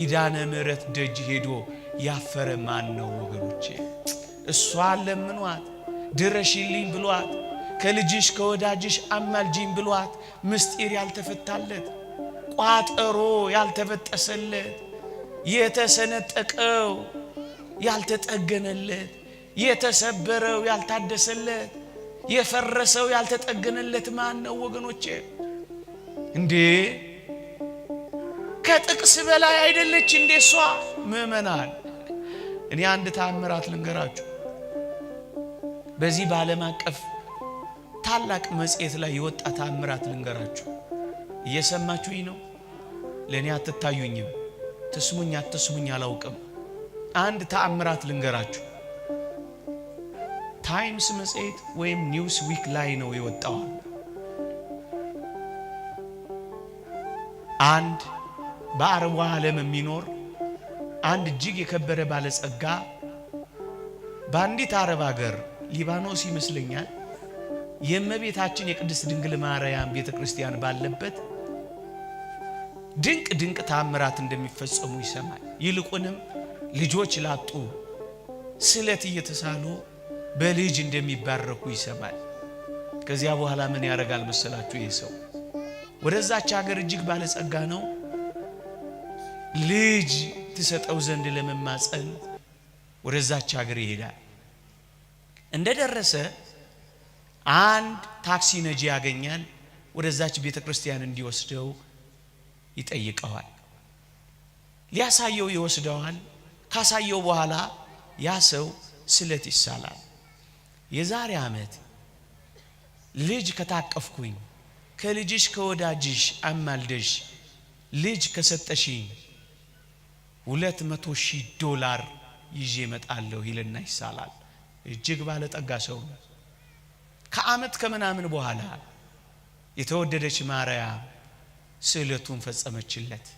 ኪዳነ ምሕረት ደጅ ሄዶ ያፈረ ማን ነው ወገኖቼ? እሷ ለምኗት፣ ድረሽልኝ ብሏት፣ ከልጅሽ ከወዳጅሽ አማልጂኝ ብሏት፣ ምስጢር ያልተፈታለት ቋጠሮ ያልተበጠሰለት የተሰነጠቀው ያልተጠገነለት የተሰበረው ያልታደሰለት የፈረሰው ያልተጠገነለት ማን ነው ወገኖቼ እንዴ? ከጥቅስ በላይ አይደለች እንዴ እሷ? ምእመናን እኔ አንድ ተአምራት ልንገራችሁ። በዚህ በዓለም አቀፍ ታላቅ መጽሔት ላይ የወጣ ተአምራት ልንገራችሁ። እየሰማችሁኝ ነው? ለእኔ አትታዩኝም፣ ትስሙኝ አትስሙኝ አላውቅም። አንድ ተአምራት ልንገራችሁ። ታይምስ መጽሔት ወይም ኒውስ ዊክ ላይ ነው የወጣዋል። አንድ በአረቡ ዓለም የሚኖር አንድ እጅግ የከበረ ባለጸጋ በአንዲት አረብ ሀገር ሊባኖስ ይመስለኛል የእመቤታችን የቅድስት ድንግል ማርያም ቤተ ክርስቲያን ባለበት ድንቅ ድንቅ ታምራት እንደሚፈጸሙ ይሰማል። ይልቁንም ልጆች ላጡ ስለት እየተሳሉ በልጅ እንደሚባረኩ ይሰማል። ከዚያ በኋላ ምን ያደርጋል መሰላችሁ? ይህ ሰው ወደዛች ሀገር እጅግ ባለጸጋ ነው። ልጅ ትሰጠው ዘንድ ለመማፀን ወደዛች ሀገር ይሄዳል። እንደደረሰ አንድ ታክሲ ነጂ ያገኛል። ወደዛች ቤተ ክርስቲያን እንዲወስደው ይጠይቀዋል። ሊያሳየው ይወስደዋል። ካሳየው በኋላ ያ ሰው ስለት ይሳላል። የዛሬ ዓመት ልጅ ከታቀፍኩኝ ከልጅሽ ከወዳጅሽ አማልደሽ ልጅ ከሰጠሽኝ ሁለት መቶ ሺህ ዶላር ይዤ እመጣለሁ ይልና ይሳላል። እጅግ ባለጠጋ ሰው ነው። ከዓመት ከምናምን በኋላ የተወደደች ማርያም ስዕለቱን ፈጸመችለት።